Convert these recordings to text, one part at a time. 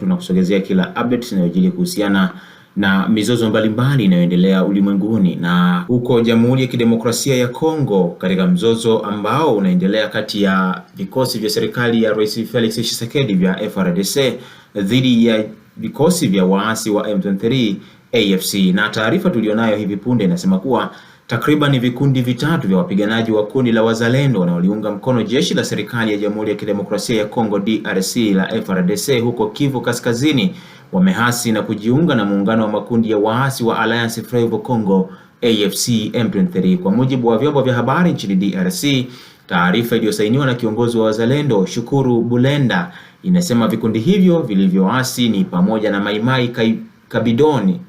tunakusogezea kila update inayojili kuhusiana na mizozo mbalimbali inayoendelea ulimwenguni na huko Jamhuri ya Kidemokrasia ya Kongo, katika mzozo ambao unaendelea kati ya vikosi vya serikali ya Rais Felix Tshisekedi vya frdc dhidi ya vikosi vya waasi wa M23 AFC. Na taarifa tuliyonayo hivi punde inasema kuwa Takriban vikundi vitatu vya wapiganaji wa kundi la wazalendo wanaoliunga mkono jeshi la serikali ya Jamhuri ya Kidemokrasia ya Kongo DRC la FARDC huko Kivu Kaskazini wamehasi na kujiunga na muungano wa makundi ya waasi wa Alliance Fraivo Congo AFC M23, kwa mujibu wa vyombo vya habari nchini DRC. Taarifa iliyosainiwa na kiongozi wa wazalendo Shukuru Bulenda inasema vikundi hivyo vilivyoasi ni pamoja na Maimai Kabidoni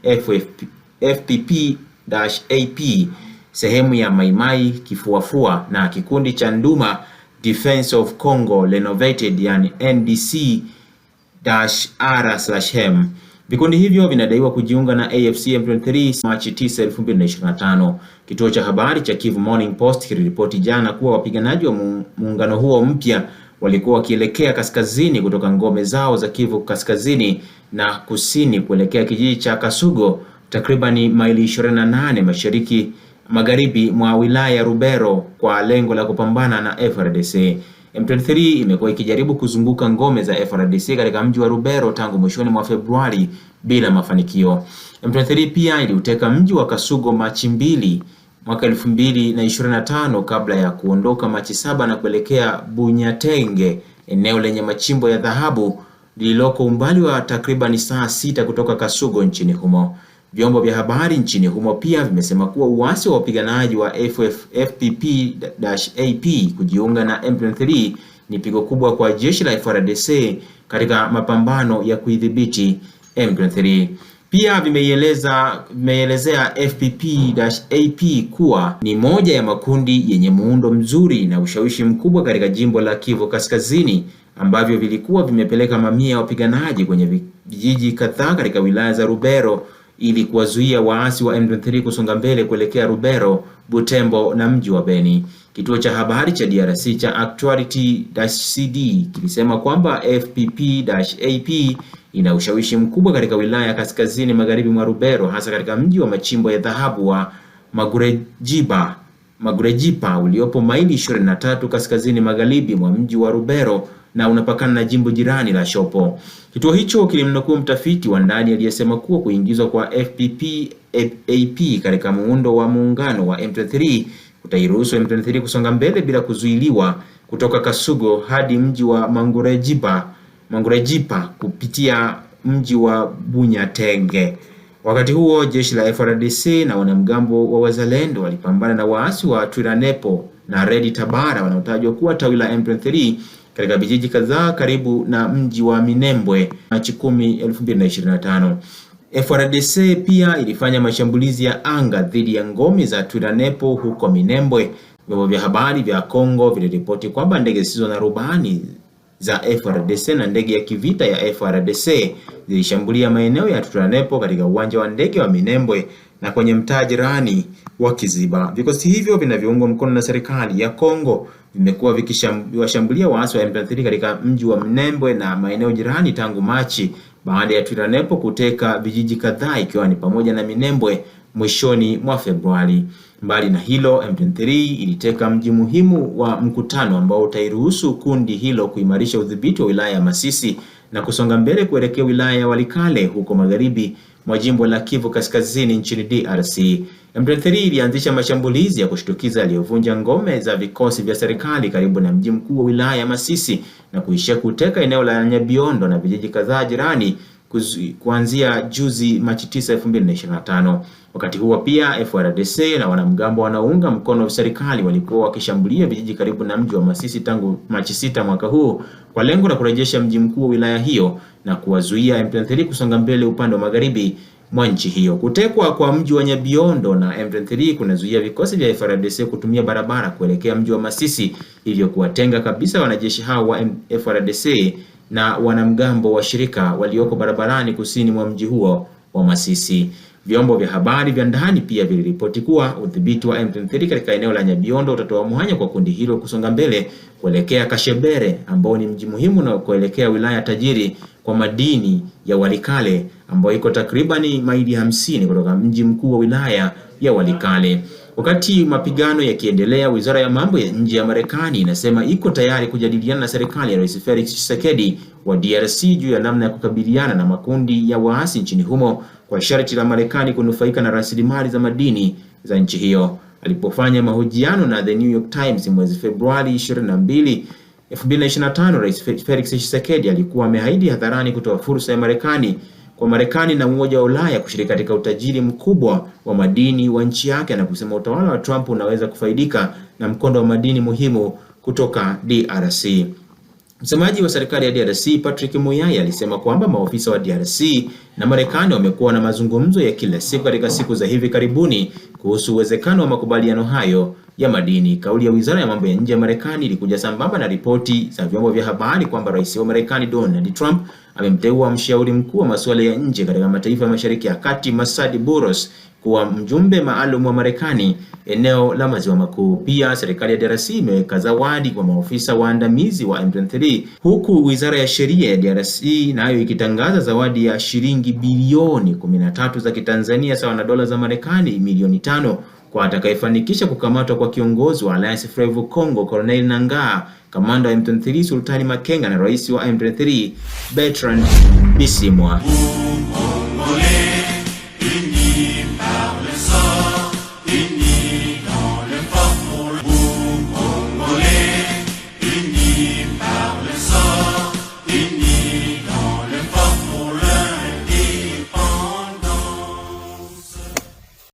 FPP-AP sehemu ya Maimai Kifuafua na kikundi cha Nduma Defense of Congo Renovated yani NDC-R/M. Vikundi hivyo vinadaiwa kujiunga na AFC M23 Machi 9, 2025. Kituo cha habari cha Kivu Morning Post kiliripoti jana kuwa wapiganaji wa muungano huo mpya walikuwa wakielekea kaskazini kutoka ngome zao za Kivu kaskazini na kusini kuelekea kijiji cha Kasugo takribani maili 28 mashariki magharibi mwa wilaya ya Rubero kwa lengo la kupambana na FRDC. M23 imekuwa ikijaribu kuzunguka ngome za frdc katika mji wa Rubero tangu mwishoni mwa Februari bila mafanikio. M23 pia iliuteka mji wa Kasugo Machi mbili mwaka 2025 kabla ya kuondoka Machi saba na kuelekea Bunyatenge, eneo lenye machimbo ya dhahabu lililoko umbali wa takribani saa sita kutoka Kasugo nchini humo. Vyombo vya habari nchini humo pia vimesema kuwa uasi wa wapiganaji wa ffp ap kujiunga na M23 ni pigo kubwa kwa jeshi la FARDC katika mapambano ya kuidhibiti M23. Pia vimeieleza vimeielezea FPP-AP kuwa ni moja ya makundi yenye muundo mzuri na ushawishi mkubwa katika jimbo la Kivu Kaskazini ambavyo vilikuwa vimepeleka mamia ya wapiganaji kwenye vijiji kadhaa katika wilaya za Rubero ili kuwazuia waasi wa M23 kusonga mbele kuelekea Rubero, Butembo na mji wa Beni. Kituo cha habari cha DRC cha Actuality-CD kilisema kwamba FPP-AP ina ushawishi mkubwa katika wilaya ya kaskazini magharibi mwa Rubero, hasa katika mji wa machimbo ya dhahabu wa Magurejipa uliopo maili 23 kaskazini magharibi mwa mji wa Rubero na unapakana na jimbo jirani la Shopo. Kituo hicho kilimnukuu mtafiti wa ndani aliyesema kuwa kuingizwa kwa FPP AP katika muundo wa muungano wa M23 kutairuhusu M23 kusonga mbele bila kuzuiliwa kutoka Kasugo hadi mji wa Mangurejipa, Mangurejipa kupitia mji wa Bunyatenge. Wakati huo jeshi la frdc na wanamgambo wa Wazalendo walipambana na waasi wa Twiranepo na Red Tabara wanaotajwa kuwa tawi la M23 katika vijiji kadhaa karibu na mji wa Minembwe Machi 10, 2025. FRDC pia ilifanya mashambulizi ya anga dhidi ya ngome za Twiranepo huko Minembwe. Vyombo vya habari vya Kongo viliripoti kwamba ndege zisizo na rubani za frdc na ndege ya kivita ya frdc zilishambulia maeneo ya Twiranepo katika uwanja wa ndege wa Minembwe na kwenye mtaa jirani wa Kiziba. Vikosi hivyo vinavyoungwa mkono na serikali ya Kongo vimekuwa vikiwashambulia waasi wa M23 katika mji wa minembwe na maeneo jirani tangu Machi baada ya Twiranepo kuteka vijiji kadhaa ikiwa ni pamoja na Minembwe mwishoni mwa Februari. Mbali na hilo, M23 iliteka mji muhimu wa mkutano ambao utairuhusu kundi hilo kuimarisha udhibiti wa wilaya ya Masisi na kusonga mbele kuelekea wilaya ya Walikale huko magharibi mwa jimbo la Kivu Kaskazini nchini DRC. M23 ilianzisha mashambulizi ya kushtukiza yaliyovunja ngome za vikosi vya serikali karibu na mji mkuu wa wilaya ya Masisi na kuishia kuteka eneo la Nyabiondo na vijiji kadhaa jirani kuanzia juzi Machi 9, 2025. Wakati huo pia FARDC na wanamgambo wanaounga mkono serikali walikuwa wakishambulia vijiji karibu na mji wa Masisi tangu Machi 6 mwaka huu kwa lengo la kurejesha mji mkuu wa wilaya hiyo na kuwazuia M23 kusonga mbele upande wa magharibi mwa nchi hiyo. Kutekwa kwa mji wa Nyabiondo na M23 kunazuia vikosi vya FARDC kutumia barabara kuelekea mji wa Masisi, hivyo kuwatenga kabisa wanajeshi hao wa FARDC na wanamgambo wa shirika walioko barabarani kusini mwa mji huo wa Masisi. Vyombo vya habari vya ndani pia viliripoti kuwa udhibiti wa M23 katika eneo la Nyabiondo utatoa mwanya kwa kundi hilo kusonga mbele kuelekea Kashebere ambao ni mji muhimu na kuelekea wilaya tajiri kwa madini ya Walikale ambayo iko takribani maili hamsini kutoka mji mkuu wa wilaya ya Walikale. Wakati mapigano yakiendelea, Wizara ya Mambo ya Nje ya Marekani inasema iko tayari kujadiliana na serikali ya Rais Felix Tshisekedi wa DRC juu ya namna ya kukabiliana na makundi ya waasi nchini humo kwa sharti la Marekani kunufaika na rasilimali za madini za nchi hiyo. Alipofanya mahojiano na The New York Times mwezi Februari 22, 2025, Rais Felix Tshisekedi alikuwa ameahidi hadharani kutoa fursa ya Marekani kwa Marekani na Umoja wa Ulaya kushiriki katika utajiri mkubwa wa madini wa nchi yake na kusema utawala wa Trump unaweza kufaidika na mkondo wa madini muhimu kutoka DRC. Msemaji wa serikali ya DRC Patrick Muyaya alisema kwamba maofisa wa DRC na Marekani wamekuwa na mazungumzo ya kila siku katika siku za hivi karibuni kuhusu uwezekano wa makubaliano hayo ya madini. Kauli ya Wizara ya Mambo ya Nje ya Marekani ilikuja sambamba na ripoti za vyombo vya habari kwamba Rais wa Marekani Donald Trump amemteua mshauri mkuu wa masuala ya nje katika mataifa ya Mashariki ya Kati, Masadi Boros kuwa mjumbe maalum wa Marekani eneo la Maziwa Makuu. Pia serikali ya DRC imeweka zawadi kwa maofisa waandamizi wa M23 huku Wizara ya Sheria ya DRC nayo na ikitangaza zawadi ya shilingi bilioni 13 za Kitanzania sawa na dola za Marekani milioni tano kwa atakayefanikisha kukamatwa kwa kiongozi wa Alliance Fleuve Congo Colonel Nangaa, kamanda wa M23 Sultani Makenga na rais wa M23 Bertrand Bisimwa.